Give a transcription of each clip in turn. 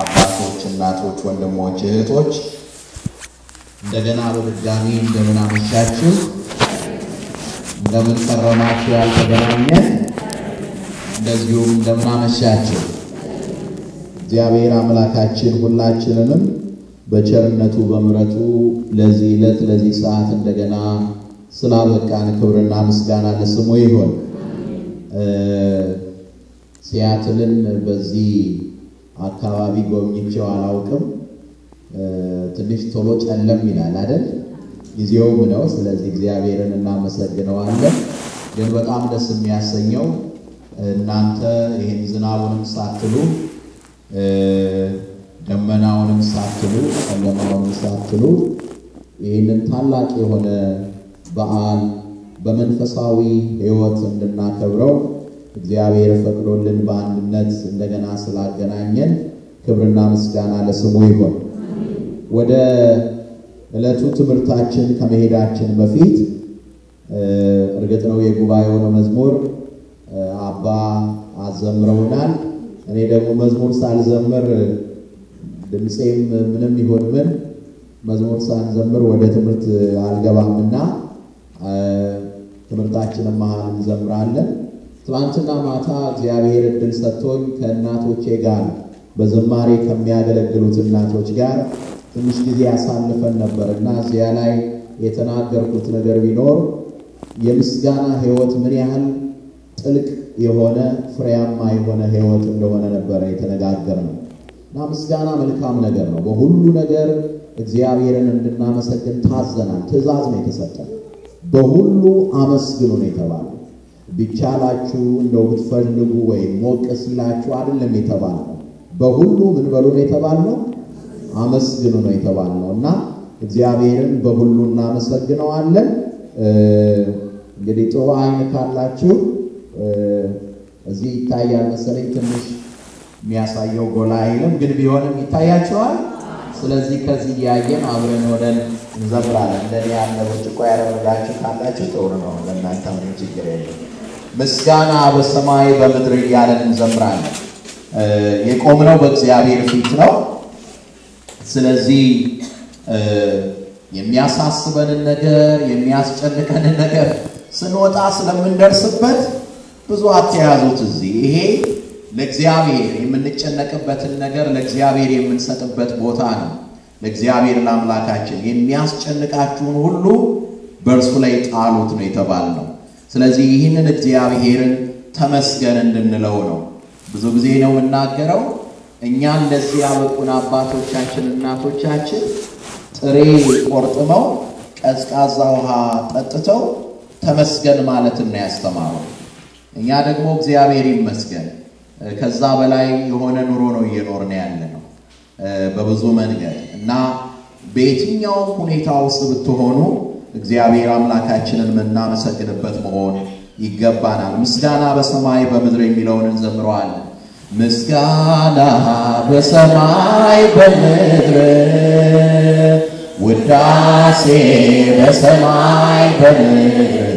አባቶች፣ እናቶች፣ ወንድሞች፣ እህቶች እንደገና በድጋሚ እንደምን አመሻችሁ፣ እንደምን ከረማችሁ። ያልተገናኘን እንደዚሁም እንደምን አመሻችሁ። እግዚአብሔር አምላካችን ሁላችንንም በቸርነቱ በምረቱ ለዚህ ዕለት ለዚህ ሰዓት እንደገና ስላበቃን ክብርና ምስጋና ለስሙ ይሆን። ሲያትልን በዚህ አካባቢ ጎብኝቼው አላውቅም። ትንሽ ቶሎ ጨለም ይላል አይደል? ጊዜውም ነው። ስለዚህ እግዚአብሔርን እናመሰግነዋለን። ግን በጣም ደስ የሚያሰኘው እናንተ ይህን ዝናቡንም ሳትሉ ደመናውንም ሳትሉ ጨለማውንም ሳትሉ ይህንን ታላቅ የሆነ በዓል በመንፈሳዊ ሕይወት እንድናከብረው እግዚአብሔር ፈቅዶልን በአንድነት እንደገና ስላገናኘን ክብርና ምስጋና ለስሙ ይሆን። ወደ ዕለቱ ትምህርታችን ከመሄዳችን በፊት እርግጥ ነው የጉባኤውን መዝሙር አባ አዘምረውናል። እኔ ደግሞ መዝሙር ሳልዘምር ድምፄም ምንም ይሆን ምን መዝሙር ሳንዘምር ወደ ትምህርት አልገባምና ትምህርታችንን መሀል እንዘምራለን። ትላንትና ማታ እግዚአብሔር እድል ሰጥቶኝ ከእናቶቼ ጋር በዝማሬ ከሚያገለግሉት እናቶች ጋር ትንሽ ጊዜ አሳልፈን ነበር እና እዚያ ላይ የተናገርኩት ነገር ቢኖር የምስጋና ህይወት ምን ያህል ጥልቅ የሆነ ፍሬያማ የሆነ ህይወት እንደሆነ ነበረ ነው። እና ምስጋና መልካም ነገር ነው። በሁሉ ነገር እግዚአብሔርን እንድናመሰግን ታዘናል። ትእዛዝ ነው የተሰጠ በሁሉ አመስግኑ ነው የተባለ ቢቻላችሁ እንደው ብትፈልጉ ወይም ሞቅስላችሁ ሲላችሁ አይደለም የተባለው በሁሉ ምን በሉ ነው የተባለው? አመስግኑ ነው የተባለው እና እግዚአብሔርን በሁሉ እናመሰግነዋለን። እንግዲህ ጥሩ አይን ካላችሁ እዚህ ይታያል መሰለኝ። ትንሽ የሚያሳየው ጎላ አይልም፣ ግን ቢሆንም ይታያቸዋል። ስለዚህ ከዚህ እያየን አብረን ሆነን እንዘምራለን። እንደኔ ያለ ብርጭቆ ያደረጋችሁ ካላችሁ ጥሩ ነው፣ ለእናንተ ምንም ችግር የለም። ምስጋና በሰማይ በምድር እያለን እንዘምራለን። የቆምነው በእግዚአብሔር ፊት ነው። ስለዚህ የሚያሳስበንን ነገር የሚያስጨንቀንን ነገር ስንወጣ ስለምንደርስበት ብዙ አትያዙት። እዚህ ይሄ ለእግዚአብሔር የምንጨነቅበትን ነገር ለእግዚአብሔር የምንሰጥበት ቦታ ነው። ለእግዚአብሔር ለአምላካችን የሚያስጨንቃችሁን ሁሉ በእርሱ ላይ ጣሉት ነው የተባል ነው። ስለዚህ ይህንን እግዚአብሔርን ተመስገን እንድንለው ነው። ብዙ ጊዜ ነው የምናገረው እኛ እንደዚህ ያበቁን አባቶቻችን እናቶቻችን ጥሬ ቆርጥመው ቀዝቃዛ ውሃ ጠጥተው ተመስገን ማለትን ያስተማሩ። እኛ ደግሞ እግዚአብሔር ይመስገን ከዛ በላይ የሆነ ኑሮ ነው እየኖርን ያለ ነው በብዙ መንገድ እና በየትኛውም ሁኔታ ውስጥ ብትሆኑ እግዚአብሔር አምላካችንን የምናመሰግንበት መሆን ይገባናል። ምስጋና በሰማይ በምድር የሚለውን እንዘምረዋለን። ምስጋና በሰማይ በምድር ውዳሴ በሰማይ በምድር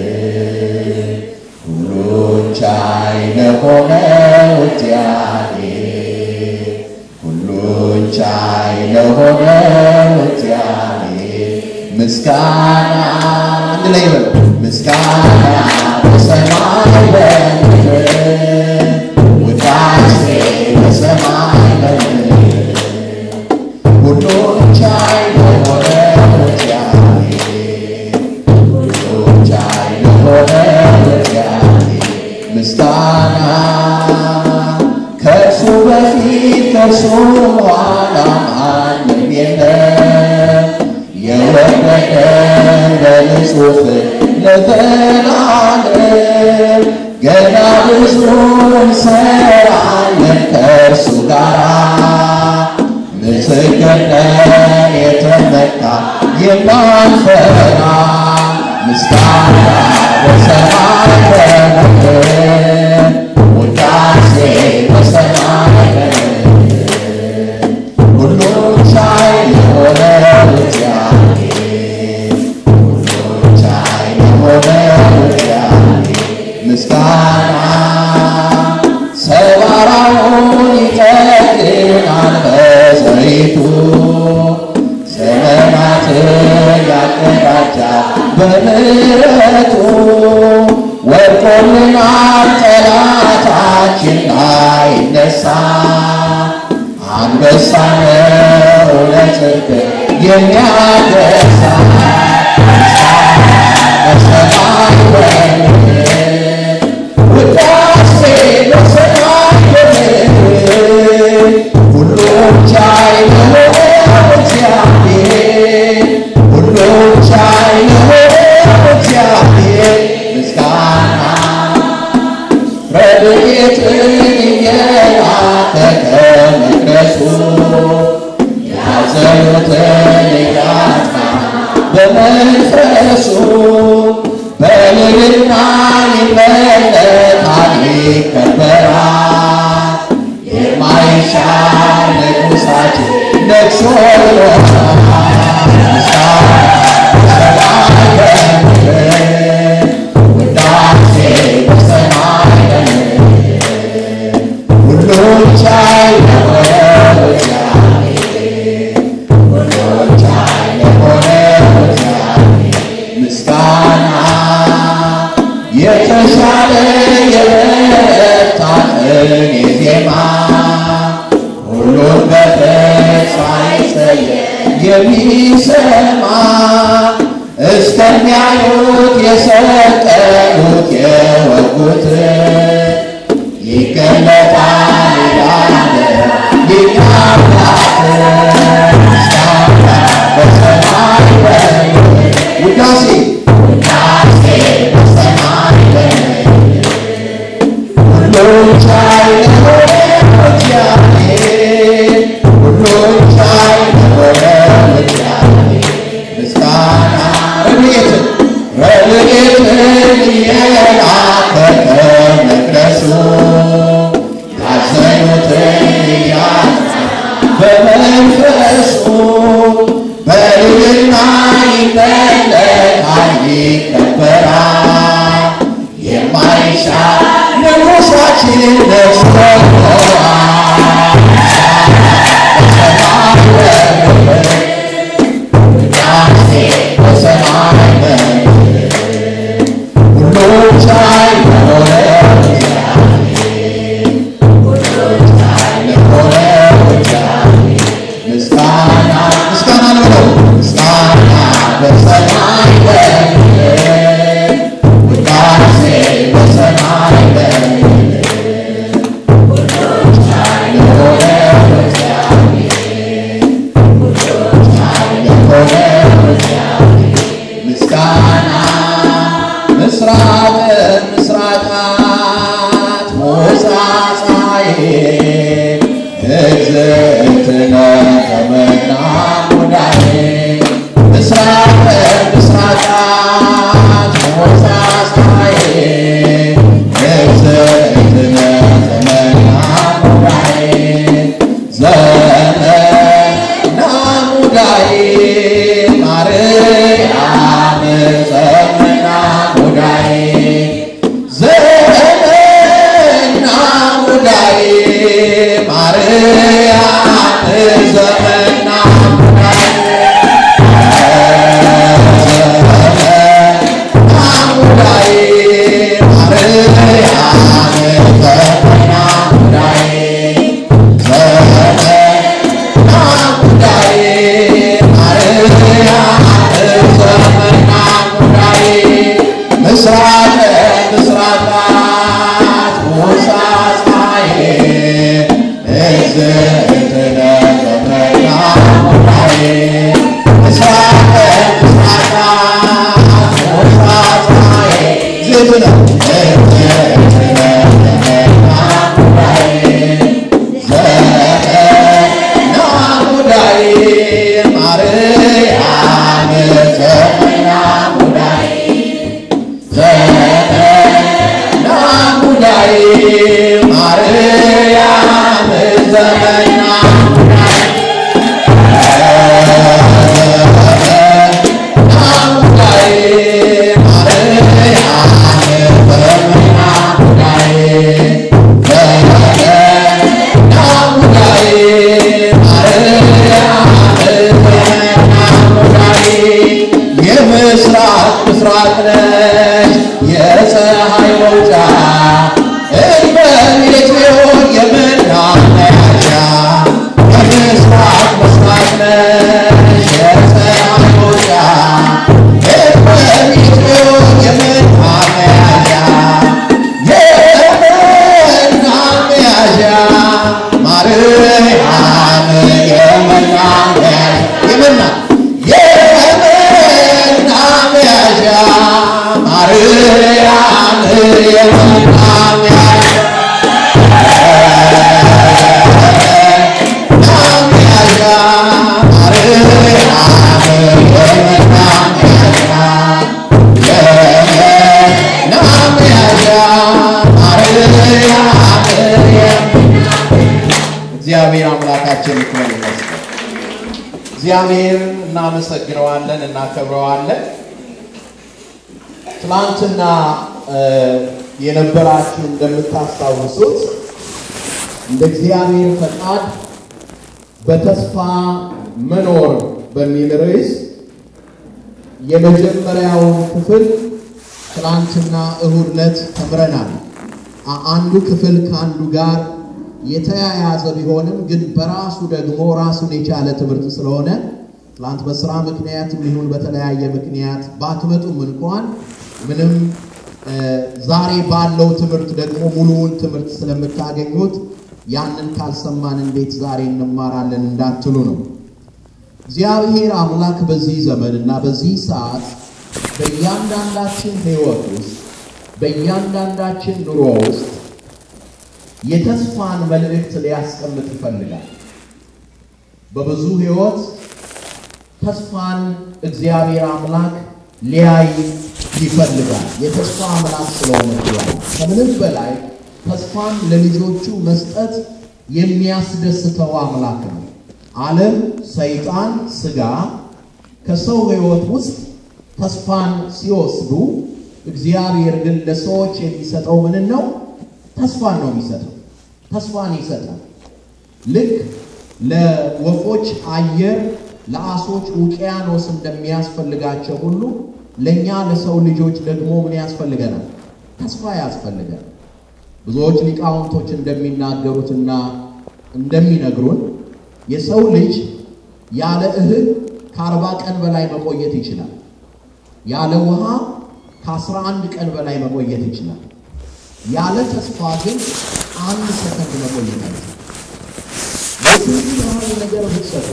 ቻይ ለሆነው ፊት ከእርሱ ዓላማ ማንም የለም የወደቀ ለንጹህ ለዘላለም ገና ብዙ እንሰራለን ከእርሱ ጋራ ምስክር ነን የተመካ የማንፈራ ምስጋና በሰማይ ተነግር shine inside the soil of our hearts. እግዚአብሔር እናመሰግነዋለን፣ እናከብረዋለን። ትናንትና የነበራችሁ እንደምታስታውሱት እንደ እግዚአብሔር ፈቃድ በተስፋ መኖር በሚል ርዕስ የመጀመሪያውን ክፍል ትናንትና እሁድ ተምረናል። አንዱ ክፍል ከአንዱ ጋር የተያያዘ ቢሆንም ግን በራሱ ደግሞ ራሱን የቻለ ትምህርት ስለሆነ ትላንት በስራ ምክንያት ይሁን በተለያየ ምክንያት ባትመጡም እንኳን ምንም ዛሬ ባለው ትምህርት ደግሞ ሙሉውን ትምህርት ስለምታገኙት ያንን ካልሰማን እንዴት ዛሬ እንማራለን እንዳትሉ ነው። እግዚአብሔር አምላክ በዚህ ዘመን እና በዚህ ሰዓት በእያንዳንዳችን ሕይወት ውስጥ በእያንዳንዳችን ኑሮ ውስጥ የተስፋን መልእክት ሊያስቀምጥ ይፈልጋል። በብዙ ሕይወት ተስፋን እግዚአብሔር አምላክ ሊያይ ይፈልጋል። የተስፋ አምላክ ስለሆነ ከምንም በላይ ተስፋን ለልጆቹ መስጠት የሚያስደስተው አምላክ ነው። ዓለም፣ ሰይጣን፣ ስጋ ከሰው ሕይወት ውስጥ ተስፋን ሲወስዱ፣ እግዚአብሔር ግን ለሰዎች የሚሰጠው ምንን ነው? ተስፋን ነው የሚሰጠው። ተስፋን ይሰጣል። ልክ ለወፎች አየር፣ ለአሶች ውቅያኖስ እንደሚያስፈልጋቸው ሁሉ ለእኛ ለሰው ልጆች ደግሞ ምን ያስፈልገናል? ተስፋ ያስፈልገናል። ብዙዎች ሊቃውንቶች እንደሚናገሩትና እንደሚነግሩን የሰው ልጅ ያለ እህል ከአርባ ቀን በላይ መቆየት ይችላል። ያለ ውሃ ከአስራ አንድ ቀን በላይ መቆየት ይችላል። ያለ ተስፋ ግን አንድ ሰከንድ መቆየት አለ። ያህል ነገር ብትሰጡ፣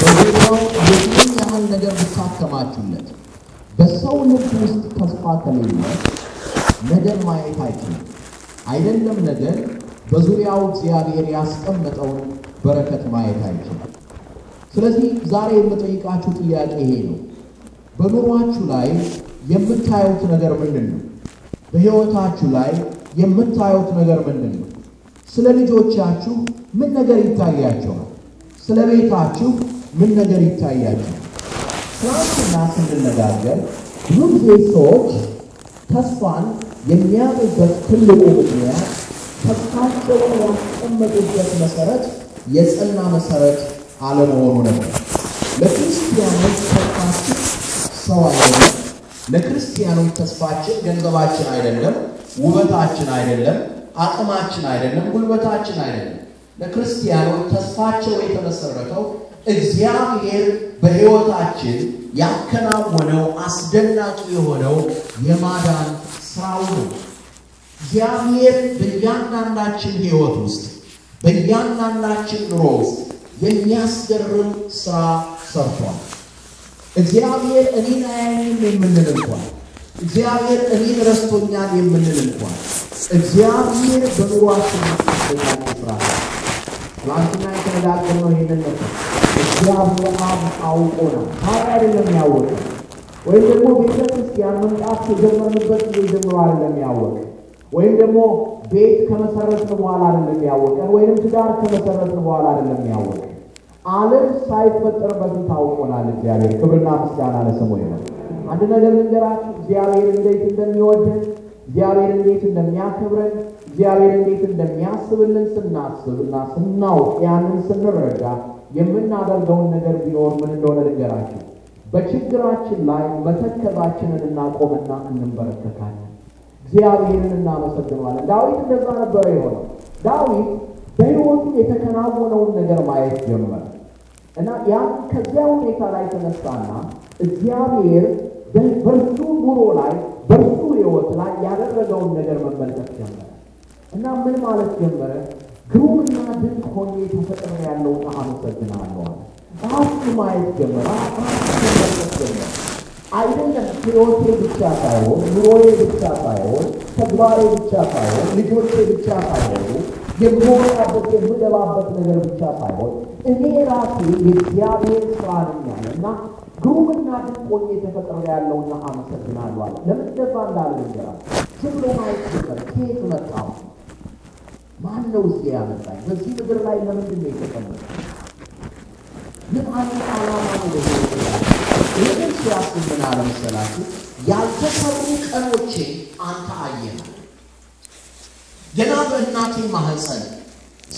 በጌታው የትም ያህል ነገር ብታከማችሁለት፣ በሰው ልብ ውስጥ ተስፋ ከሌለ ነገር ማየት አይችልም። አይደለም ነገር በዙሪያው እግዚአብሔር ያስቀመጠውን በረከት ማየት አይችልም። ስለዚህ ዛሬ የምጠይቃችሁ ጥያቄ ይሄ ነው። በኑሯችሁ ላይ የምታዩት ነገር ምንድን ነው? በሕይወታችሁ ላይ የምታዩት ነገር ምንድን ነው? ስለ ልጆቻችሁ ምን ነገር ይታያቸዋል? ስለ ቤታችሁ ምን ነገር ይታያቸዋል? ትናንትና ስንነጋገር ብዙ ጊዜ ሰዎች ተስፋን የሚያጡበት ትልቁ ምክንያት ተስፋቸውን ያስቀመጡበት መሰረት የጸና መሰረት አለመሆኑ ነበር። ለክርስቲያኖች ተስፋችን ሰው አይደለም ለክርስቲያኖች ተስፋችን ገንዘባችን አይደለም፣ ውበታችን አይደለም፣ አቅማችን አይደለም፣ ጉልበታችን አይደለም። ለክርስቲያኖች ተስፋቸው የተመሰረተው እግዚአብሔር በሕይወታችን ያከናወነው አስደናቂ የሆነው የማዳን ስራው ነው። እግዚአብሔር በእያንዳንዳችን ሕይወት ውስጥ በእያንዳንዳችን ኑሮ ውስጥ የሚያስገርም ስራ ሰርቷል። እግዚአብሔር እኔን አያየኝም የምንል እንኳን እግዚአብሔር እኔን ረስቶኛል የምንል እንኳን እግዚአብሔር በኑሯችን ስራ ትናንትና የተነጋገርነው ይህንን ነበር። እግዚአብሔር አብ አውቆ ነው ታሪ አይደለም ያወቀ ወይም ደግሞ ቤተ ክርስቲያን መምጣት የጀመርንበት ጊዜ ጀምሮ አይደለም ያወቀ ወይም ደግሞ ቤት ከመሰረትን በኋላ አይደለም ያወቀ ወይም ትዳር ከመሰረትን በኋላ አይደለም ያወቀ ዓለም ሳይፈጠር በፊት ታውቆናል። እግዚአብሔር ክብርና ምስጋና ለስሙ ይሆን። አንድ ነገር ልንገራችሁ፣ እግዚአብሔር እንዴት እንደሚወደን፣ እግዚአብሔር እንዴት እንደሚያከብረን፣ እግዚአብሔር እንዴት እንደሚያስብልን ስናስብና ስናውቅ ያንን ስንረዳ የምናደርገውን ነገር ቢኖር ምን እንደሆነ ልንገራችሁ፣ በችግራችን ላይ መተከዛችንን እናቆምና እንበረከካለን፣ እግዚአብሔርን እናመሰግነዋለን። ዳዊት እንደዛ ነበረ የሆነው ዳዊት በሕይወቱ የተከናወነውን ነገር ማየት ጀመረ። እና ያ ከዚያ ሁኔታ ላይ ተነሳና እግዚአብሔር በእርሱ ኑሮ ላይ በእርሱ ህይወት ላይ ያደረገውን ነገር መመልከት ጀመረ እና ምን ማለት ጀመረ? ግሩምና ድንቅ ሆኜ ተፈጥሮ ያለውን አመሰግናለሁ ራሱ ማየት ጀመረ፣ መመልከት ጀመረ። አይደለም ህይወቴ ብቻ ሳይሆን ኑሮዬ ብቻ ሳይሆን ተግባሬ ብቻ ሳይሆን ልጆቼ ብቻ ሳይሆኑ የምወጣበት የምገባበት ነገር ብቻ ሳይሆን እኔ ራሴ የእግዚአብሔር ስራ ነኛል እና ግሩምና ድንቆኝ የተፈጠረ ያለውና አመሰግናለሁ አለ። ለምን እንዳለ ንገራል። ዝም ማየት ነበር። ከየት መጣሁ? ማን ነው እዚህ ያመጣኝ? በዚህ ምድር ላይ ለምንድን ነው የተቀመጠ? ምን አይነት አላማ ነው? ይህን ሲያስብ ምን አለ ያልተሰሩ ቀኖቼ አንተ አየህ ገና በእናቴ ማህፀን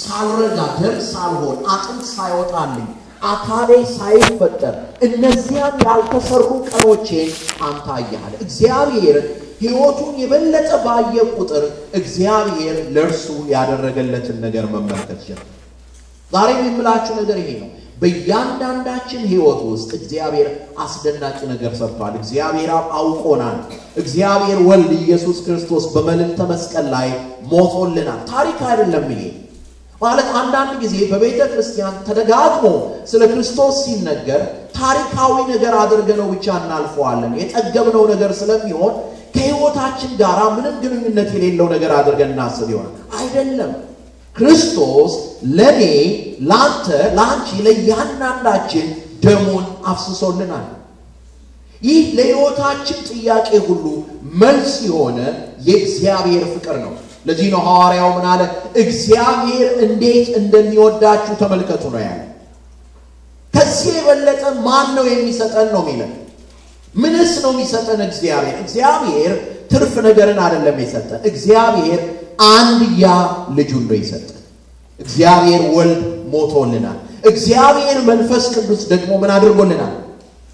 ሳልረጋ ደም ሳልሆን አጥንት ሳይወጣልኝ አካሌ ሳይፈጠር እነዚያን ያልተሰሩ ቀኖቼን አንተ አየሃል። እግዚአብሔርን ሕይወቱን የበለጠ ባየ ቁጥር እግዚአብሔር ለእርሱ ያደረገለትን ነገር መመልከት ጀመር። ዛሬም የምላችሁ ነገር ይሄ ነው። በእያንዳንዳችን ህይወት ውስጥ እግዚአብሔር አስደናቂ ነገር ሰርቷል። እግዚአብሔር አውቆናል። እግዚአብሔር ወልድ ኢየሱስ ክርስቶስ በመልዕልተ መስቀል ላይ ሞቶልናል። ታሪክ አይደለም ይሄ። ማለት አንዳንድ ጊዜ በቤተ ክርስቲያን ተደጋግሞ ስለ ክርስቶስ ሲነገር ታሪካዊ ነገር አድርገነው ብቻ እናልፈዋለን። የጠገብነው ነገር ስለሚሆን ከህይወታችን ጋር ምንም ግንኙነት የሌለው ነገር አድርገን እናስብ ይሆናል። አይደለም። ክርስቶስ ለእኔ ለአንተ፣ ለአንቺ፣ ለእያንዳንዳችን ደሞን አፍስሶልናል። ይህ ለሕይወታችን ጥያቄ ሁሉ መልስ የሆነ የእግዚአብሔር ፍቅር ነው። ለዚህ ነው ሐዋርያው ምን አለ? እግዚአብሔር እንዴት እንደሚወዳችሁ ተመልከቱ ነው ያለ። ከዚህ የበለጠ ማን ነው የሚሰጠን ነው የሚለን። ምንስ ነው የሚሰጠን? እግዚአብሔር እግዚአብሔር ትርፍ ነገርን አደለም የሰጠን። እግዚአብሔር አንድያ ልጁን ነው የሰጠ። እግዚአብሔር ወልድ ሞቶልናል። እግዚአብሔር መንፈስ ቅዱስ ደግሞ ምን አድርጎልናል?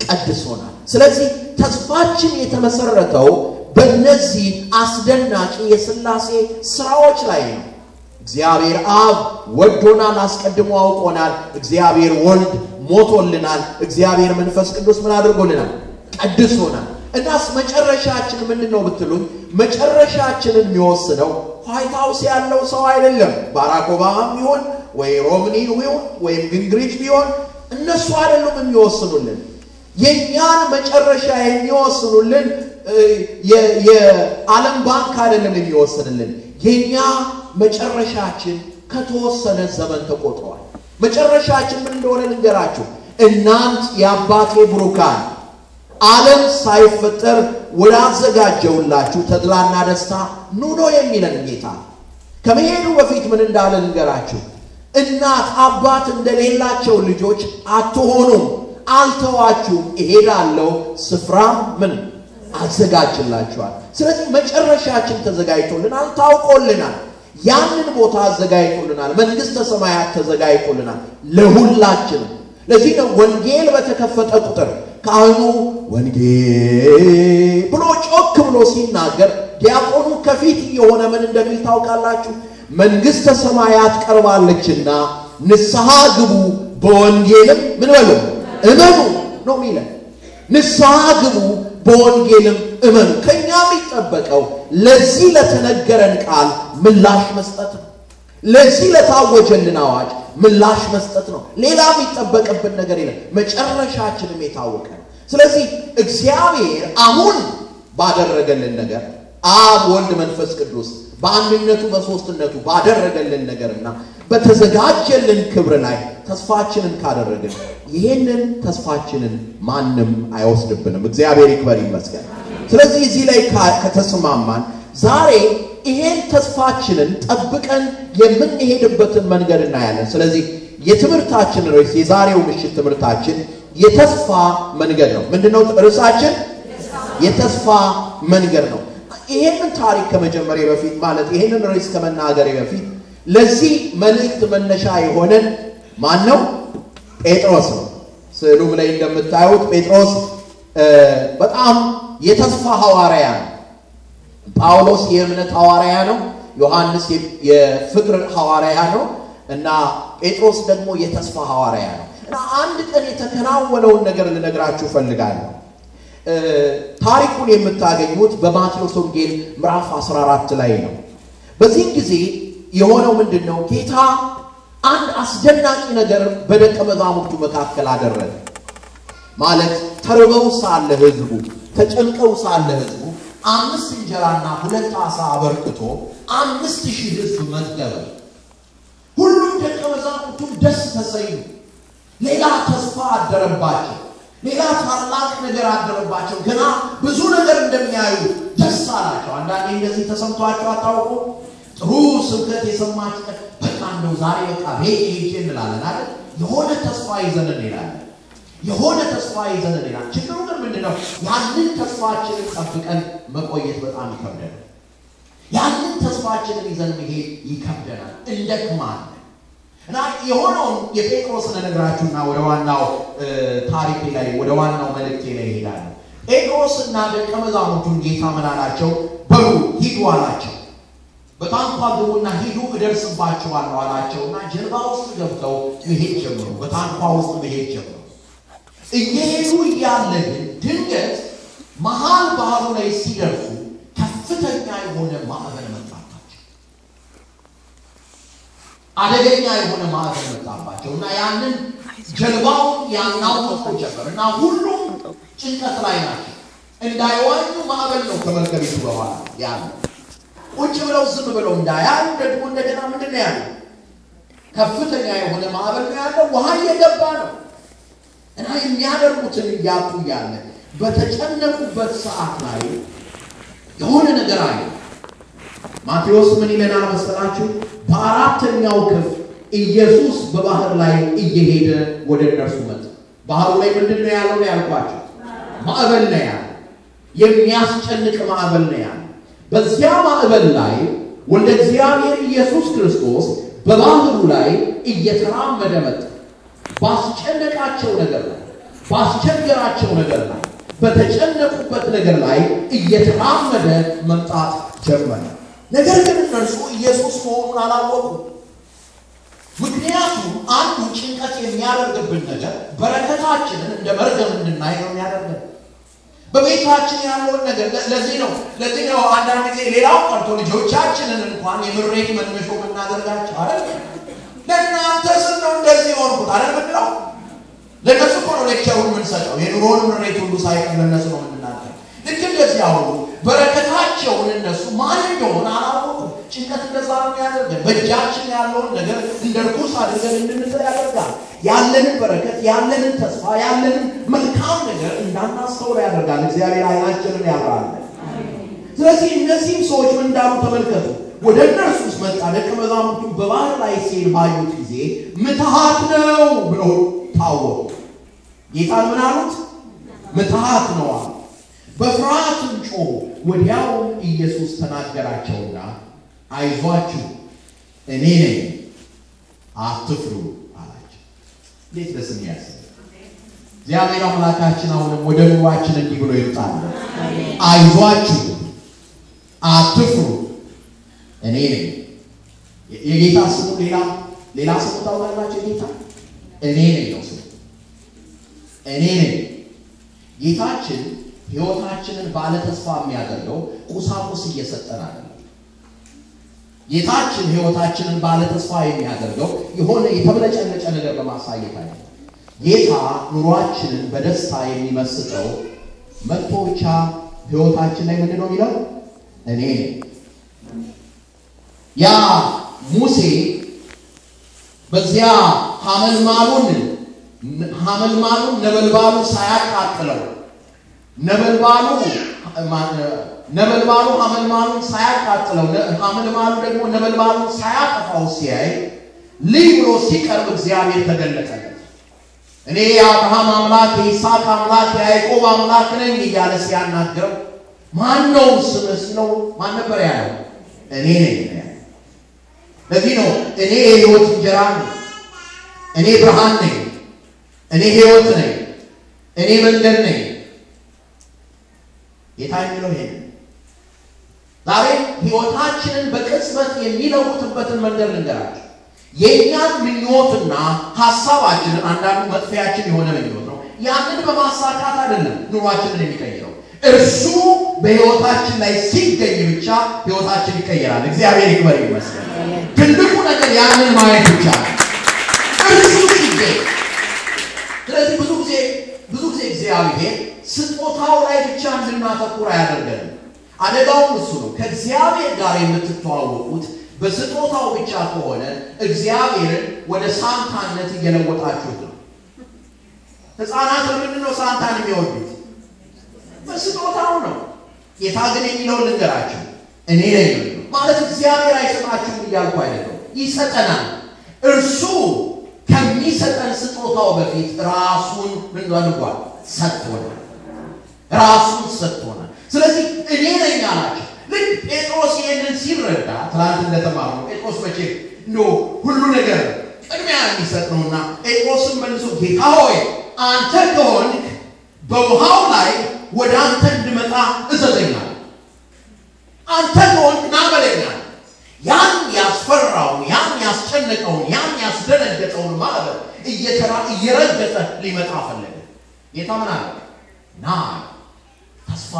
ቀድሶናል። ስለዚህ ተስፋችን የተመሰረተው በእነዚህ አስደናቂ የስላሴ ስራዎች ላይ ነው። እግዚአብሔር አብ ወዶናል፣ አስቀድሞ አውቆናል። እግዚአብሔር ወልድ ሞቶልናል። እግዚአብሔር መንፈስ ቅዱስ ምን አድርጎልናል? ቀድሶናል። እናስ መጨረሻችን ምንድን ነው ብትሉኝ፣ መጨረሻችንን የሚወስነው ዋይት ሀውስ ያለው ሰው አይደለም። ባራክ ኦባማም ቢሆን ወይ ሮምኒ ቢሆን ወይም ግንግሪች ቢሆን እነሱ አይደሉም የሚወስኑልን። የእኛን መጨረሻ የሚወስኑልን የዓለም ባንክ አይደለም የሚወስንልን። የእኛ መጨረሻችን ከተወሰነ ዘመን ተቆጥሯል። መጨረሻችን ምን እንደሆነ ልንገራችሁ። እናንት የአባቴ ብሩካን ዓለም ሳይፈጠር ወዳዘጋጀውላችሁ ተድላና ደስታ ኑ ነው የሚለን ጌታ። ከመሄዱ በፊት ምን እንዳለ ንገራችሁ። እናት አባት እንደሌላቸው ልጆች አትሆኑም፣ አልተዋችሁም፣ እሄዳለሁ ስፍራ ምን አዘጋጅላችኋል። ስለዚህ መጨረሻችን ተዘጋጅቶልናል፣ ታውቆልናል። ያንን ቦታ አዘጋጅቶልናል። መንግሥተ ሰማያት ተዘጋጅቶልናል ለሁላችንም። ለዚህ ነው ወንጌል በተከፈተ ቁጥር ካህኑ ወንጌል ብሎ ጮክ ብሎ ሲናገር ዲያቆኑ ከፊት እየሆነ ምን እንደሚል ታውቃላችሁ? መንግሥተ ሰማያት ቀርባለችና ንስሐ ግቡ በወንጌልም ምን በሉ እመኑ ነው ሚለ ንስሐ ግቡ በወንጌልም እመኑ። ከኛ የሚጠበቀው ለዚህ ለተነገረን ቃል ምላሽ መስጠት ነው። ለዚህ ለታወጀልን አዋጅ ምላሽ መስጠት ነው። ሌላ የሚጠበቅብን ነገር የለም። መጨረሻችንም የታወቀ ስለዚህ እግዚአብሔር አሁን ባደረገልን ነገር አብ፣ ወልድ፣ መንፈስ ቅዱስ በአንድነቱ በሶስትነቱ ባደረገልን ነገርና በተዘጋጀልን ክብር ላይ ተስፋችንን ካደረግን ይህንን ተስፋችንን ማንም አይወስድብንም። እግዚአብሔር ይክበር ይመስገን። ስለዚህ እዚህ ላይ ከተስማማን ዛሬ ይሄን ተስፋችንን ጠብቀን የምንሄድበትን መንገድ እናያለን። ስለዚህ የትምህርታችን ርዕስ የዛሬው ምሽት ትምህርታችን የተስፋ መንገድ ነው። ምንድነው ርዕሳችን? የተስፋ መንገድ ነው። ይሄንን ታሪክ ከመጀመሪያ በፊት ማለት ይሄንን ርዕስ ከመናገሬ በፊት ለዚህ መልእክት መነሻ የሆነን ማን ነው? ጴጥሮስ ነው። ስዕሉም ላይ እንደምታዩት ጴጥሮስ በጣም የተስፋ ሐዋርያ ነው። ጳውሎስ የእምነት ሐዋርያ ነው። ዮሐንስ የፍቅር ሐዋርያ ነው እና ጴጥሮስ ደግሞ የተስፋ ሐዋርያ ነው። አንድ ቀን የተከናወነውን ነገር ልነግራችሁ ፈልጋለሁ። ታሪኩን የምታገኙት በማቴዎስ ወንጌል ምዕራፍ 14 ላይ ነው። በዚህም ጊዜ የሆነው ምንድን ነው? ጌታ አንድ አስደናቂ ነገር በደቀ መዛሙርቱ መካከል አደረገ። ማለት ተርበው ሳለ ህዝቡ ተጨንቀው ሳለ ህዝቡ አምስት እንጀራና ሁለት ዓሣ አበርክቶ አምስት ሺህ ህዝብ መገበ። ሁሉም ደቀ መዛሙርቱም ደስ ተሰይሙ። ሌላ ተስፋ አደረባቸው። ሌላ ታላቅ ነገር አደረባቸው። ገና ብዙ ነገር እንደሚያዩ ደስ አላቸው። አንዳንዴ እንደዚህ ተሰምቷቸው አታውቁ? ጥሩ ስብከት የሰማች ቀን በቃ እንደው ዛሬ በቃ ቤት ሄጄ እንላለን አይደል? የሆነ ተስፋ ይዘን እንሄዳለን። የሆነ ተስፋ ይዘን እንሄዳለን። ችግሩ ግን ምንድን ነው? ያንን ተስፋችንን ጠብቀን መቆየት በጣም ይከብደናል። ያንን ተስፋችንን ይዘን መሄድ ይከብደናል። እንደክማል እና የሆነውን የጴጥሮስን እነግራችሁና ወደ ዋናው ታሪክ ላይ ወደ ዋናው መልእክቴ ላይ ይሄዳል። ጴጥሮስና ደቀ መዛሙርቱን ጌታ ምን አላቸው? በሉ ሂዱ አላቸው። በታንኳ ግቡና ሂዱ እደርስባችኋለሁ አላቸው እና ጀልባ ውስጥ ገብተው መሄድ ጀምሩ። በታንኳ ውስጥ መሄድ ጀምሩ። እየሄዱ እያለ ግን ድንገት መሀል ባህሩ ላይ ሲደርሱ ከፍተኛ የሆነ ማዕበል አደገኛ የሆነ ማዕት መጣባቸው እና ያንን ጀልባውን ያናውጡ ጀመር እና ሁሉም ጭንቀት ላይ ናቸው። እንዳይዋኙ ማዕበል ነው ከመርከቢቱ በኋላ ያለ ቁጭ ብለው ዝም ብለው እንዳያሉ ደግሞ እንደገና ምንድን ነው ያለ ከፍተኛ የሆነ ማዕበል ነው ያለው። ውሃ እየገባ ነው እና የሚያደርጉትን እያጡ ያለ በተጨነቁበት ሰዓት ላይ የሆነ ነገር አለ። ማቴዎስ ምን ይለናል መሰላችሁ? በአራተኛው ክፍል ኢየሱስ በባህር ላይ እየሄደ ወደ እነርሱ መጥ ባህሩ ላይ ምንድን ነው ያለው? ነው ያልኳቸው ማዕበል ነው ያለ፣ የሚያስጨንቅ ማዕበል ነው ያለ። በዚያ ማዕበል ላይ ወልደ እግዚአብሔር ኢየሱስ ክርስቶስ በባህሩ ላይ እየተራመደ መጥ ባስጨነቃቸው ነገር ላይ፣ ባስቸገራቸው ነገር ላይ፣ በተጨነቁበት ነገር ላይ እየተራመደ መምጣት ጀመረ። ነገር ግን እነርሱ ኢየሱስ መሆኑን አላወቁም። ምክንያቱም አንዱ ጭንቀት የሚያደርግብን ነገር በረከታችንን እንደ መርገም እንድናይ ነው የሚያደርግ በቤታችን ያለውን ነገር ለዚህ ነው ለዚህ ነው አንዳንድ ጊዜ ሌላው ቀርቶ ልጆቻችንን እንኳን የምሬት መነሾ የምናደርጋቸው አለ። ለእናንተ ስል ነው እንደዚህ የሆንኩት አለ ምንለው። ለነሱ እኮ ነው ሌክቸሩን የምንሰጠው። የኑሮን ምሬት ሁሉ ሳይቀር ለእነሱ ነው የምንናገር። ልክ እንደዚህ አሁኑ በረከት ራሳቸውን እነሱ ማን እንደሆነ አላወቁ። ጭንቀት እንደዛ ነው የሚያደርገን። በእጃችን ያለውን ነገር እንደ ርኩስ አድርገን እንድንጥል ያደርጋል። ያለንን በረከት፣ ያለንን ተስፋ፣ ያለንን መልካም ነገር እንዳናስተውል ያደርጋል። እግዚአብሔር አይናችንን ያብራል። ስለዚህ እነዚህም ሰዎች ምን እንዳሉ ተመልከቱ። ወደ እነርሱ ውስጥ መጣ። ደቀ መዛሙርቱ በባህር ላይ ሲሄድ ባዩት ጊዜ ምትሃት ነው ብለው ታወቁ። ጌታን ምን አሉት? ምትሃት ነው አሉ በፍርሃትም ጮ ወዲያውም ኢየሱስ ተናገራቸውና አይዟችሁ እኔ ነኝ አትፍሩ አላቸው። እንዴት ደስ የሚያስ እግዚአብሔር አምላካችን አሁንም ወደ ኑሯችን እንዲህ ብሎ ይምጣል። አይዟችሁ አትፍሩ እኔ ነኝ። የጌታ ስሙ ሌላ ሌላ ስሙ ታውቃላችሁ። ጌታ እኔ ነኝ ነው ስሙ። እኔ ነኝ ጌታችን ህይወታችንን ተስፋ የሚያደርገው ቁሳቁስ እየሰጠን አይደለም። ጌታችን ህይወታችንን ባለተስፋ የሚያደርገው የሆነ የተብለጨለጨ ነገር በማሳየት አይደለም። ጌታ ኑሯችንን በደስታ የሚመስጠው መጥቶ ብቻ ህይወታችን ላይ ምንድነው ነው የሚለው እኔ ያ ሙሴ በዚያ ሀመልማሉን ሀመልማሉን ነበልባሉ ሳያቃጥለው ነበልባሉ ነበልባሉ ሐመልማሉን ሳያቃጥለው ሐመልማሉ ደግሞ ነበልባሉን ሳያጠፋው ሲያይ ልይ ብሎ ሲቀርብ እግዚአብሔር ተገለጠለት። እኔ የአብርሃም አምላክ የይስሐቅ አምላክ የያዕቆብ አምላክ ነኝ እያለ ሲያናገረው ማን ነው ስምስ ነው ማን ነበር ያለው? እኔ ነኝ። ለዚህ ነው እኔ የህይወት እንጀራ ነኝ፣ እኔ ብርሃን ነኝ፣ እኔ ህይወት ነኝ፣ እኔ መንገድ ነኝ ጌታ የሚለው ይሄ ዛሬ ህይወታችንን በቅጽበት የሚለውጥበትን መንገድ ልንገራችሁ። የእኛን ምኞትና ሀሳባችን አንዳንዱ መጥፊያችን የሆነ ምኞት ነው። ያንን በማሳካት አይደለም ኑሯችንን የሚቀይረው እርሱ በህይወታችን ላይ ሲገኝ ብቻ ህይወታችን ይቀየራል። እግዚአብሔር ይክበር ይመስገን። ትልቁ ነገር ያንን ማየት ብቻ እርሱ ሲገኝ። ስለዚህ ብዙ ጊዜ እግዚአብሔር ስጦታው ላይ ብቻ እንድናተኩር አያደርገንም። አደጋውም እሱ ነው። ከእግዚአብሔር ጋር የምትተዋወቁት በስጦታው ብቻ ከሆነ እግዚአብሔርን ወደ ሳንታነት እየለወጣችሁት ነው። ሕፃናት ምንድን ነው ሳንታን የሚወዱት? በስጦታው ነው። ጌታ ግን የሚለው ልንገራችሁ፣ እኔ ነኝ ማለት እግዚአብሔር አይሰጣችሁም እያልኩ አይደለም፣ ይሰጠናል። እርሱ ከሚሰጠን ስጦታው በፊት ራሱን ምን አድርጓል? ሰጥቶናል፣ ራሱን ሰጥቶናል። ስለዚህ እኔ ነኝ አላቸው። ልክ ጴጥሮስ ይህንን ሲረዳ ትናንት እንደተማሩ ጴጥሮስ መቼ ኖ ሁሉ ነገር ቅድሚያ የሚሰጥ ነውና ጴጥሮስን መልሶ ጌታ ሆይ አንተ ከሆንክ በውሃው ላይ ወደ አንተ እንድመጣ እዘዘኛል። አንተ ከሆንክ ና በለኛል። ያን ያስፈራውን፣ ያን ያስጨነቀውን፣ ያን ያስደነገጠውን ማለት እየተራ እየረገጠ ሊመጣ ፈለገ። ጌታ ምን አለ? ና ተስፋ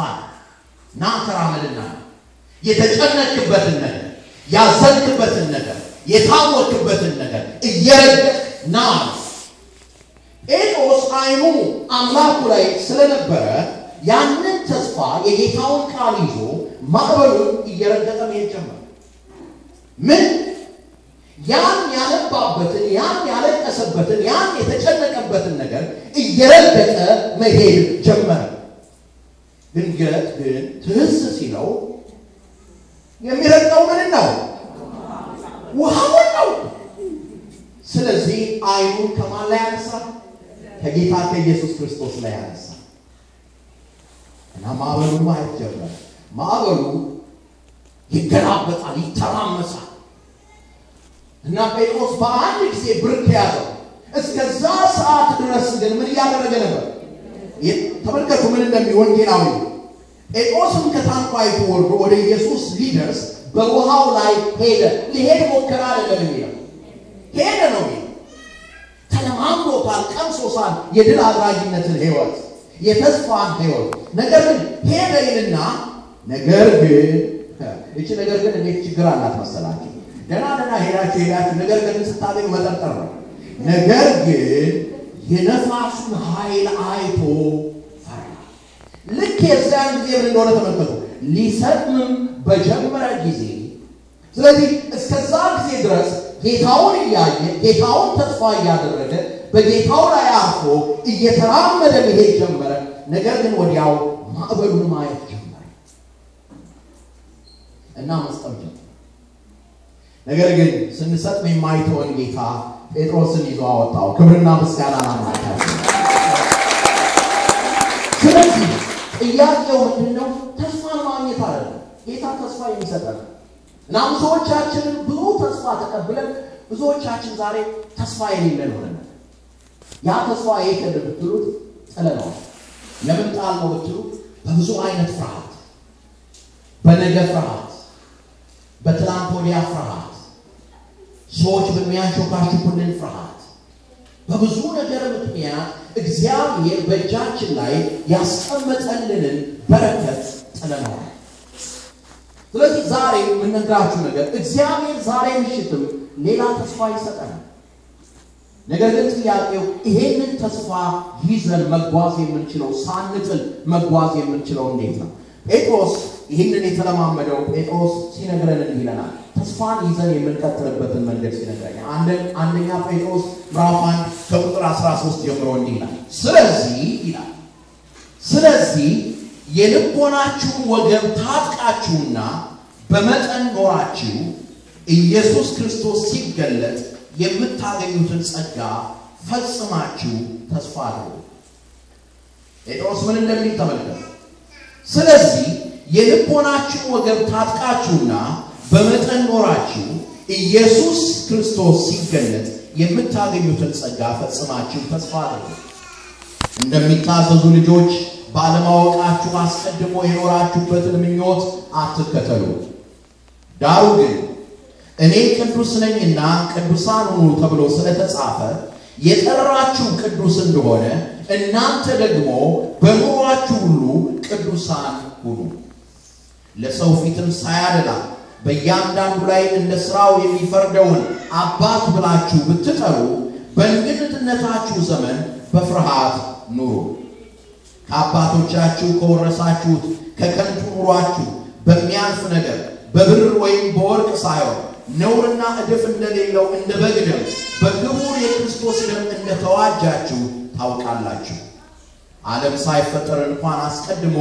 ና ተራመድና የተጨነቅበትን ነገር ያዘንክበትን ነገር የታወቅበትን ነገር እየረገጥ ና። ጴጥሮስ አይኑ አምላኩ ላይ ስለነበረ ያንን ተስፋ የጌታውን ቃል ይዞ ማዕበሉን እየረገጠ መሄድ ጀመረ። ምን ያን ያለባበትን፣ ያን ያለቀሰበትን ያን የተጨነቀበትን ነገር እየረገጠ መሄድ ጀመረ። ድንገት ግን ትዝ ሲለው የሚረግጠው ምን ነው? ውሃ ነው። ስለዚህ አይኑን ከማን ላይ ያነሳ? ከጌታ ከኢየሱስ ክርስቶስ ላይ ያነሳ እና ማዕበሉ ማየት ጀመረ። ማዕበሉ ይገናበጣል ይተራመሳል እና ጴጥሮስ በአንድ ጊዜ ብርክ ያዘው። እስከዛ ሰዓት ድረስ ግን ምን እያደረገ ነበር? ተመልከቱ ምን እንደሚል ወንጌላዊ። ጴጥሮስም ከታንኳይቱ ወርዶ ወደ ኢየሱስ ሊደርስ በውሃው ላይ ሄደ። ሊሄድ ሞከራ አይደለም የሚለው ሄደ ነው የሚለው። ተለማምዶታል፣ ቀምሶታል የድል አድራጊነትን ሕይወት የተስፋን ሕይወት። ነገር ግን ሄደ ይልና ነገር ግን እቺ ነገር ግን እንዴት ችግር አላት መሰላችሁ ደህና ደህና ሄዳችሁ ሄዳችሁ ነገር ግን ስታገኙ መጠርጠር ነው። ነገር ግን የነፋሱን ኃይል አይቶ ፈራ። ልክ የዚያን ጊዜ ምን እንደሆነ ተመልከቱ፣ ሊሰጥምም በጀመረ ጊዜ። ስለዚህ እስከዛ ጊዜ ድረስ ጌታውን እያየ ጌታውን ተስፋ እያደረገ በጌታው ላይ አርፎ እየተራመደ መሄድ ጀመረ። ነገር ግን ወዲያው ማዕበሉን ማየት ጀመረ እና መስጠም ጀመረ። ነገር ግን ስንሰጥ የማይተወን ጌታ ጴጥሮስን ይዞ አወጣው። ክብርና ምስጋና ናማታ። ስለዚህ ጥያቄው ምንድነው ተስፋ ማግኘት አለ። ጌታ ተስፋ የሚሰጠን እና ብዙዎቻችንን ብዙ ተስፋ ተቀብለን ብዙዎቻችን ዛሬ ተስፋ የሌለን ሆነ ያ ተስፋ የት ብትሉት ጥለነዋል። ለምን ጣል ነው ብትሉ በብዙ አይነት ፍርሃት፣ በነገ ፍርሃት፣ በትናንት ወዲያ ፍርሃት ሰዎች በሚያሾካሹኩልን ፍርሃት በብዙ ነገር ምክንያት እግዚአብሔር በእጃችን ላይ ያስቀመጠልንን በረከት ጥለነዋል። ስለዚህ ዛሬ የምነግራችሁ ነገር እግዚአብሔር ዛሬ ምሽትም ሌላ ተስፋ ይሰጠናል። ነገር ግን ጥያቄው ይሄንን ተስፋ ይዘን መጓዝ የምንችለው ሳንጥል መጓዝ የምንችለው እንዴት ነው? ጴጥሮስ ይህንን የተለማመደው ጴጥሮስ ሲነግረን ይለናል ተስፋን ይዘን የምንቀጥልበትን መንገድ ሲነግረኛል። አንደኛ ጴጥሮስ ምዕራፍ አንድ ከቁጥር 13 ጀምሮ እንዲህ ይላል፣ ስለዚህ ይላል ስለዚህ የልቦናችሁን ወገብ ታጥቃችሁና በመጠን ኖራችሁ ኢየሱስ ክርስቶስ ሲገለጥ የምታገኙትን ጸጋ ፈጽማችሁ ተስፋ አድርጉ። ጴጥሮስ ምን እንደሚል ተመልከት ስለዚህ የልቦናችሁን ወገብ ታጥቃችሁና በመጠን ኖራችሁ ኢየሱስ ክርስቶስ ሲገለጥ የምታገኙትን ጸጋ ፈጽማችሁ ተስፋ አድርጉ። እንደሚታዘዙ ልጆች ባለማወቃችሁ አስቀድሞ የኖራችሁበትን ምኞት አትከተሉ። ዳሩ ግን እኔ ቅዱስ ነኝና ቅዱሳን ሁኑ ተብሎ ስለተጻፈ የጠራችሁ ቅዱስ እንደሆነ እናንተ ደግሞ በኑሯችሁ ሁሉ ቅዱሳን ሁኑ፣ ለሰው ፊትም ሳያደላ በእያንዳንዱ ላይ እንደ ሥራው የሚፈርደውን አባት ብላችሁ ብትጠሩ በእንግድነታችሁ ዘመን በፍርሃት ኑሩ። ከአባቶቻችሁ ከወረሳችሁት ከከንቱ ኑሯችሁ በሚያልፍ ነገር በብር ወይም በወርቅ ሳይሆን ነውርና እድፍ እንደሌለው እንደ በግ ደም በክቡር የክርስቶስ ደም እንደተዋጃችሁ ታውቃላችሁ። ዓለም ሳይፈጠር እንኳን አስቀድሞ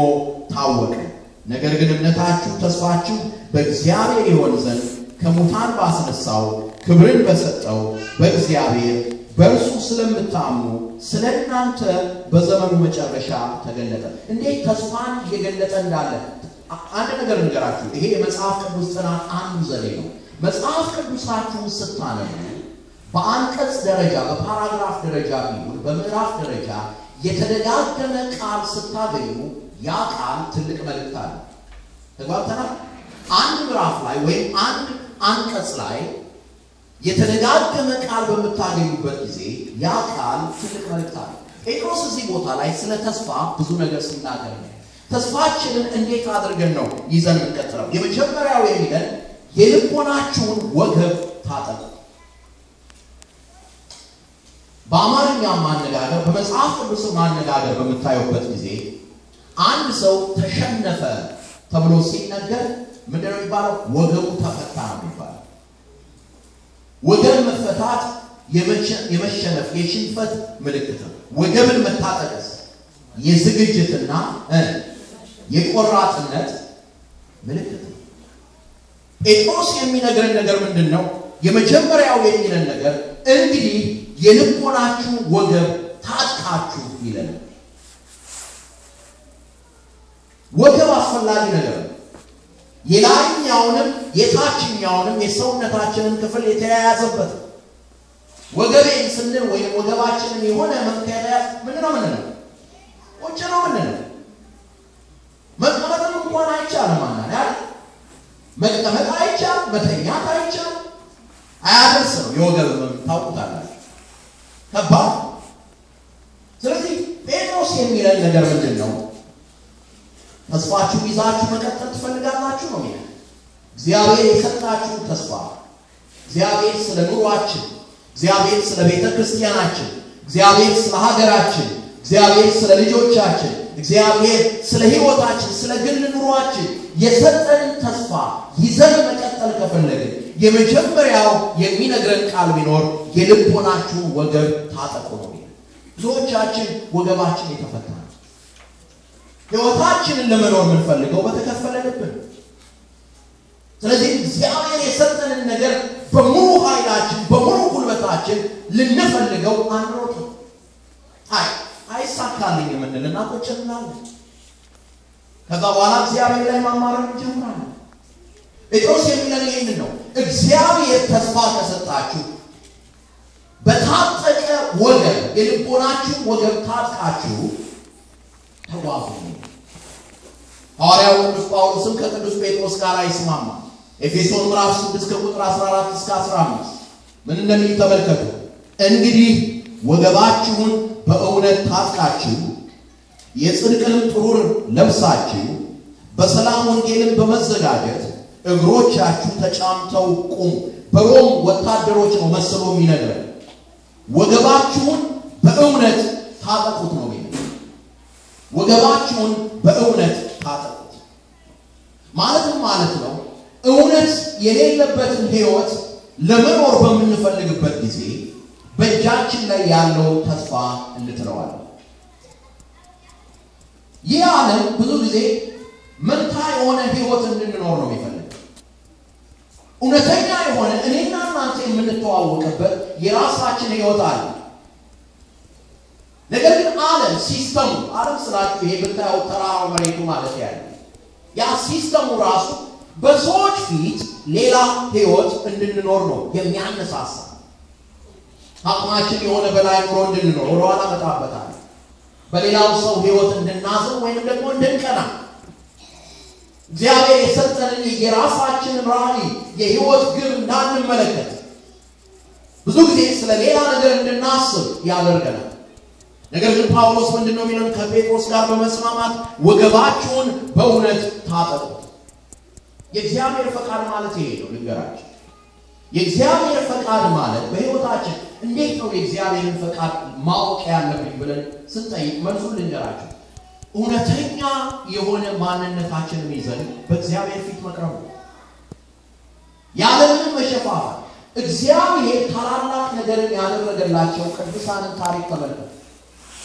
ታወቀ። ነገር ግን እምነታችሁ ተስፋችሁ በእግዚአብሔር ይሆን ዘንድ ከሙታን ባስነሳው ክብርን በሰጠው በእግዚአብሔር በእርሱ ስለምታምኑ ስለ እናንተ በዘመኑ መጨረሻ ተገለጠ። እንዴት ተስፋን እየገለጠ እንዳለ አንድ ነገር ንገራችሁ። ይሄ የመጽሐፍ ቅዱስ ጥናት አንዱ ዘዴ ነው። መጽሐፍ ቅዱሳችሁን ስታነቡ በአንቀጽ ደረጃ በፓራግራፍ ደረጃ ቢሆን በምዕራፍ ደረጃ የተደጋገመ ቃል ስታገኙ ያ ቃል ትልቅ መልእክት አለ። ተግባብተናል። አንድ ምዕራፍ ላይ ወይም አንድ አንቀጽ ላይ የተደጋገመ ቃል በምታገኙበት ጊዜ ያ ቃል ትልቅ መልእክት አለ። ጴጥሮስ እዚህ ቦታ ላይ ስለ ተስፋ ብዙ ነገር ሲናገር ነው። ተስፋችንን እንዴት አድርገን ነው ይዘን የምንቀጥለው? የመጀመሪያው የሚለን የልቦናችሁን ወገብ ታጠቁ። በአማርኛ ማነጋገር በመጽሐፍ ቅዱስ ማነጋገር በምታዩበት ጊዜ አንድ ሰው ተሸነፈ ተብሎ ሲነገር ምንድነው የሚባለው? ወገቡ ተፈታ ነው የሚባለው። ወገብ መፈታት የመሸነፍ የሽንፈት ምልክት ነው። ወገብን መታጠቅስ የዝግጅትና የቆራጥነት ምልክት ነው። ጴጥሮስ የሚነግረን ነገር ምንድን ነው? የመጀመሪያው የሚለን ነገር እንግዲህ የልቦናችሁ ወገብ ታጥቃችሁ ይለናል። ወገብ አስፈላጊ ነገር ነው። የላይኛውንም የታችኛውንም የሰውነታችንን ክፍል የተያያዘበት ወገቤን ስንል ወይም ወገባችንን የሆነ መተያያዝ ምን ነው ምን ነው? ቁጭ ነው ምን ነው? መቀመጥም እንኳን አይቻልም። አና መቀመጥ አይቻል፣ መተኛት አይቻል፣ አያደርስ ነው የወገብ ታውቁታላችሁ። ከባድ ስለዚህ ጴጥሮስ የሚለን ነገር ምንድን ነው? ተስፋችሁ ይዛችሁ መቀጠል ትፈልጋላችሁ ነው የሚለው። እግዚአብሔር የሰጣችሁ ተስፋ፣ እግዚአብሔር ስለ ኑሯችን፣ እግዚአብሔር ስለ ቤተ ክርስቲያናችን፣ እግዚአብሔር ስለ ሀገራችን፣ እግዚአብሔር ስለ ልጆቻችን፣ እግዚአብሔር ስለ ህይወታችን ስለ ግል ኑሯችን የሰጠንን ተስፋ ይዘን መቀጠል ከፈለግን የመጀመሪያው የሚነግረን ቃል ቢኖር የልቦናችሁ ወገብ ታጠቁ ነው ብዙዎቻችን ወገባችን የተፈታ ህይወታችንን ለመኖር የምንፈልገው በተከፈለ ልብ። ስለዚህ እግዚአብሔር የሰጠንን ነገር በሙሉ ኃይላችን በሙሉ ጉልበታችን ልንፈልገው አንሮጥ። አይ አይሳካልኝ የምንል ቁጭ እንላለን። ከዛ በኋላ እግዚአብሔር ላይ ማማረር እንጀምራለን። ጴጥሮስ የሚለን ይህን ነው። እግዚአብሔር ተስፋ ከሰጣችሁ በታጠቀ ወገብ የልቦናችሁ ወገብ ታጥቃችሁ ተጓዙ። ሐዋርያው ቅዱስ ጳውሎስም ከቅዱስ ጴጥሮስ ጋር አይስማማ። ኤፌሶን ምዕራፍ 6 ከቁጥር 14 እስከ 15 ምን እንደሚል ተመልከቱ። እንግዲህ ወገባችሁን በእውነት ታጥቃችሁ የጽድቅንም ጥሩር ለብሳችሁ በሰላም ወንጌልን በመዘጋጀት እግሮቻችሁ ተጫምተው ቁሙ። በሮም ወታደሮች ነው መስሎ የሚነግረን። ወገባችሁን በእውነት ታጠቁት ነው ወገባችሁን በእውነት ታጠቁት። ማለትም ማለት ነው እውነት የሌለበትን ህይወት ለመኖር በምንፈልግበት ጊዜ በእጃችን ላይ ያለው ተስፋ እንትለዋለን። ይህ ዓለም ብዙ ጊዜ መንታ የሆነ ህይወት እንድንኖር ነው የሚፈልግ እውነተኛ የሆነ እኔና እናንተ የምንተዋወቅበት የራሳችን ህይወት አለ። ነገር ግን አለም ሲስተሙ አለም ስላችሁ ይሄ ብታየው ተራራው መሬቱ ማለት ያለ ያ ሲስተሙ ራሱ በሰዎች ፊት ሌላ ህይወት እንድንኖር ነው የሚያነሳሳ። አቅማችን የሆነ በላይ ኑሮ እንድንኖር ወደኋላ መጣበታል። በሌላው ሰው ህይወት እንድናዝም ወይም ደግሞ እንድንቀና እግዚአብሔር የሰጠንን የራሳችንን ራዕይ የህይወት ግብ እንዳንመለከት ብዙ ጊዜ ስለ ሌላ ነገር እንድናስብ ያደርገናል። ነገር ግን ጳውሎስ ምንድን ነው የሚለን? ከጴጥሮስ ጋር በመስማማት ወገባችሁን በእውነት ታጠቁ። የእግዚአብሔር ፈቃድ ማለት ይሄ ነው። ልንገራችን የእግዚአብሔር ፈቃድ ማለት በህይወታችን እንዴት ነው የእግዚአብሔርን ፈቃድ ማወቅ ያለብኝ ብለን ስንጠይቅ መልሱ ልንገራችሁ፣ እውነተኛ የሆነ ማንነታችን ይዘን በእግዚአብሔር ፊት መቅረቡ ያለምንም መሸፋፋ እግዚአብሔር ታላላቅ ነገርን ያደረገላቸው ቅዱሳንን ታሪክ ተመልከቱ።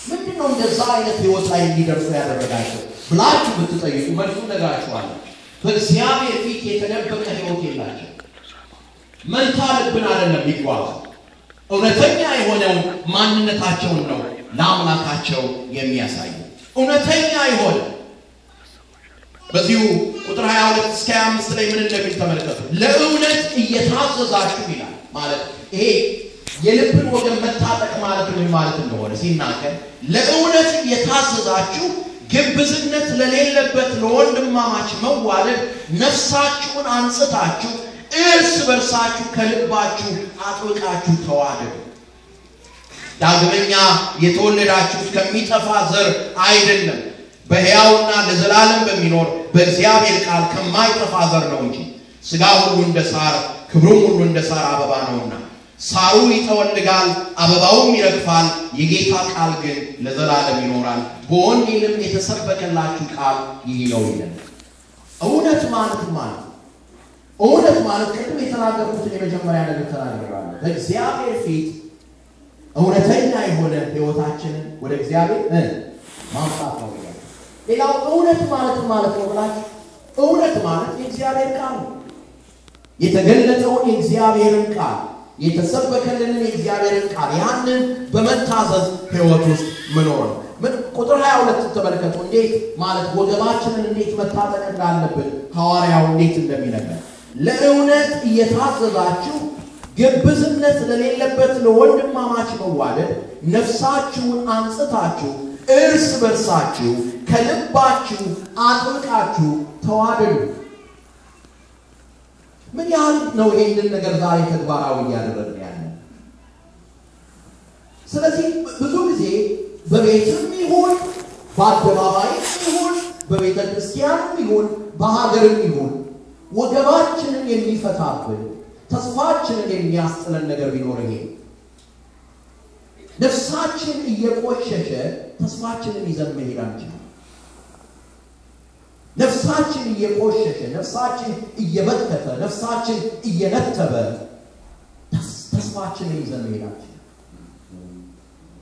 ምንድነው እንደዛ አይነት ህይወት ላይ እንዲደርሱ ያደረጋቸው ብላችሁ ብትጠይቁ መልሱ ነግራችኋለሁ። በእግዚአብሔር ፊት የተደበቀ ህይወት የላቸው። መንታ ልብን አይደለም ይጓዙ። እውነተኛ የሆነው ማንነታቸውን ነው ለአምላካቸው የሚያሳዩ እውነተኛ የሆነ በዚሁ ቁጥር 22 እስከ 25 ላይ ምን እንደሚል ተመልከቱ። ለእውነት እየታዘዛችሁ ይላል ማለት ይሄ የልብን ወገን መታጠቅ ማለት ምን ማለት እንደሆነ ሲናገር ለእውነት የታዘዛችሁ ግብዝነት ለሌለበት ለወንድማማች መዋለድ ነፍሳችሁን አንጽታችሁ እርስ በርሳችሁ ከልባችሁ አጥብቃችሁ ተዋደዱ። ዳግመኛ የተወለዳችሁት ከሚጠፋ ዘር አይደለም፣ በሕያውና ለዘላለም በሚኖር በእግዚአብሔር ቃል ከማይጠፋ ዘር ነው እንጂ ሥጋ ሁሉ እንደ ሳር ክብሩም ሁሉ እንደ ሳር አበባ ነውና ሳሩ ይተወልጋል፣ አበባውም ይረግፋል፣ የጌታ ቃል ግን ለዘላለም ይኖራል። በወንጌልም የተሰበከላችሁ ቃል ይህ ነው ይላል። እውነት ማለት ማለት እውነት ማለት ቅድም የተናገርኩትን የመጀመሪያ ነገር ተናግሬያለሁ። በእግዚአብሔር ፊት እውነተኛ የሆነ ሕይወታችንን ወደ እግዚአብሔር ማምጣት ነው ይላል። ሌላው እውነት ማለት ማለት ነው ብላችሁ እውነት ማለት የእግዚአብሔር ቃል ነው የተገለጠውን የእግዚአብሔርን ቃል የተሰበከልንን የእግዚአብሔርን ቃል ያንን በመታዘዝ ህይወት ውስጥ መኖር ነው። ቁጥር 22 ተመልከቱ። እንዴት ማለት ወገባችንን እንዴት መታጠቅ እንዳለብን ሐዋርያው እንዴት እንደሚነገር ለእውነት እየታዘዛችሁ ግብዝነት ለሌለበት ለወንድማማች መዋለድ ነፍሳችሁን አንጽታችሁ እርስ በርሳችሁ ከልባችሁ አጥብቃችሁ ተዋደዱ። ምን ያህል ነው ይሄንን ነገር ዛሬ ተግባራዊ እያደረግን ያለ? ስለዚህ ብዙ ጊዜ በቤትም ይሁን በአደባባይም ይሁን በቤተ ክርስቲያንም ይሁን በሀገርም ይሁን ወገባችንን የሚፈታብን ተስፋችንን የሚያስጥለን ነገር ቢኖር ይሄ ነፍሳችን እየቆሸሸ ተስፋችንን ይዘን መሄድ አንችልም። ነፍሳችን እየቆሸሸ፣ ነፍሳችን እየበተተ፣ ነፍሳችን እየነተበ ተስፋችንን ይዘን መሄዳችን